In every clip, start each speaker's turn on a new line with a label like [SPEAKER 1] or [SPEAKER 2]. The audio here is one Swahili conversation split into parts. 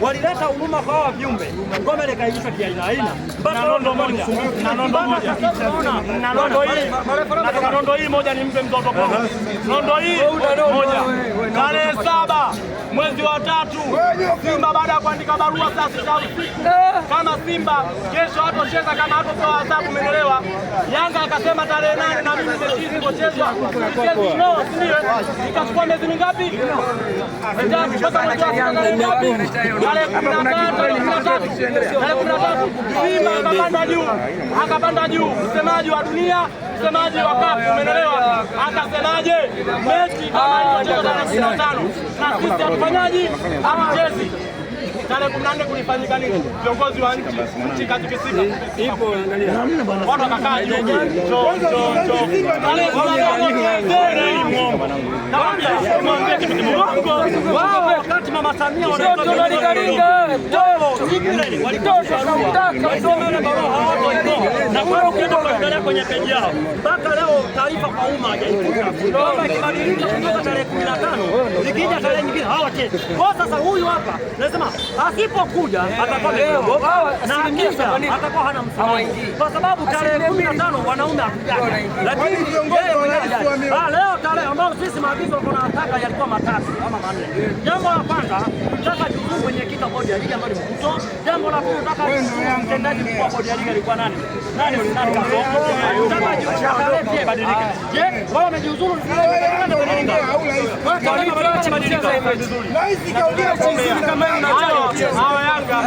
[SPEAKER 1] walileta huruma kwa hawa viumbe, ngome likaivishwa kiaina aina
[SPEAKER 2] mpaka nondo moja
[SPEAKER 1] na nondo hii moja, nimpe mtoto kwa nondo hii moja, tarehe saba mwezi wa tatu, Simba baada ya kuandika barua saa sita usiku eh. kama Simba kesho hatocheza kama hatotoa adhabu, umeelewa? Yanga akasema tarehe nane na mimi mechi ipochezwa no, sindio? Ikachukua miezi mingapi? akapanda juu, akapanda juu, msemaji wa dunia, msemaji wa kafu, umeelewa? Akasemaje mechi tarehe tano na sisi hatufanyaji hatuchezi tarehe kumi na nne kulifanyika nini? Viongozi wa nchi nchi katikisika, watu wakakaa Mama Samia, na kwenye peji yao mpaka leo taarifa kwa umma hajaifuta, kwamba ikibadilika kutoka tarehe kumi na tano zikija tarehe nyingine hawachezi kwa sasa. Huyu hapa nasema asipokuja atakuwa kidogo na akija atakuwa hana msimamo, kwa sababu tarehe kumi na tano wanaume akujana, lakini yeye ah, mwenyewe leo tarehe ambayo sisi maagizo tunataka yalikuwa matatu ama manne. Jambo la kwanza taka mwenyekiti wa bodi ya ligi ambayo nimekutoa. Jambo la pili, nataka mtendaji mkuu wa bodi ya ligi alikuwa nani? Nani Olinani Kasongo? Nataka jiuzulu pia badilike. Je, wao wamejiuzulu Hawa Yanga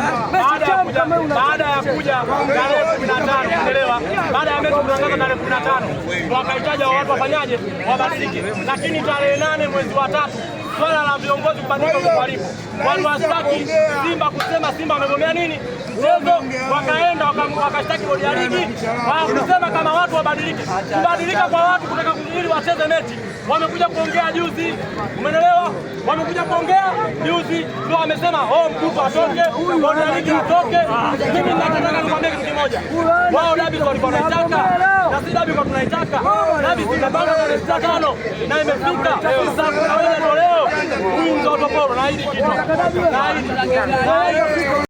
[SPEAKER 1] baada ya kuja tarehe kumi na tano unaelewa, baada ya mechi kutangaza tarehe kumi na tano wakahitaji watu wafanyaje, wabadilike, lakini tarehe nane mwezi wa tatu swala la viongozi kubadilika kuharibu. wastaki Simba kusema Simba wamegomea nini mchezo, wakaenda wakashtaki bodi ya ligi kusema kama watu wabadilike. Kubadilika kwa watu kutaka ili wacheze mechi, wamekuja kuongea juzi, umeelewa? Wamekuja kuongea juzi ndio wamesema oh, mkufu atoke, bodi ya ligi atoke. Mimi nataka nikwambie kitu kimoja, wao dabi walikuwa wanaitaka na si dabi kwa tunaitaka dabi, zimepanga tarehe 25 na imefika sasa. ਹੋਣਾ ਹੀ ਨਹੀਂ